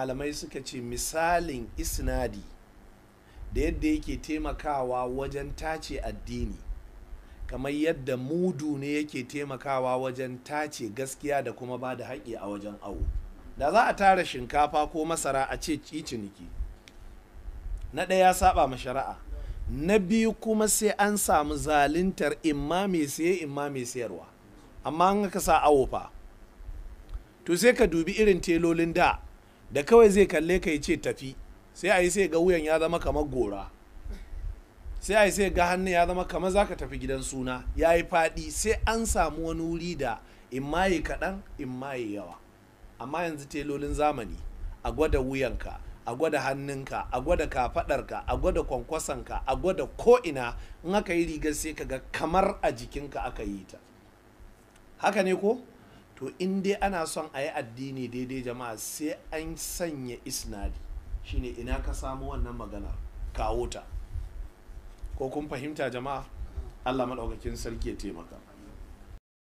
malamai suka ce misalin isnadi da yadda yake taimakawa wajen tace addini kamar yadda mudu ne yake taimakawa wajen tace gaskiya da kuma ba da haƙi a wajen awo da za a tara shinkafa ko masara a ce ciniki na ɗaya saba ma shari'a na biyu kuma sai an samu zaluntar imma mai saye imma mai sayarwa amma an ka sa awo fa to sai ka dubi irin telolin da da kawai zai kalle ka ce tafi sai a yi sai ga wuyan ya zama kamar gora sai a yi sai ga hannun ya zama kamar za ka tafi gidan suna ya yi faɗi sai an samu wani wuri da in ma yi kaɗan in ma yi yawa amma yanzu telolin zamani a gwada wuyanka a gwada hannunka a gwada kafaɗarka a gwada kwankwasonka a gwada ko'ina in aka yi rigar sai ka ga kamar a jikinka aka yi ta haka ne ko to in dai ana son a yi addini daidai jama'a sai an sanya isnadi shine ina ka samu wannan magana kawo ta ko kun fahimta jama'a allah maɗaukakin sarki ya taimaka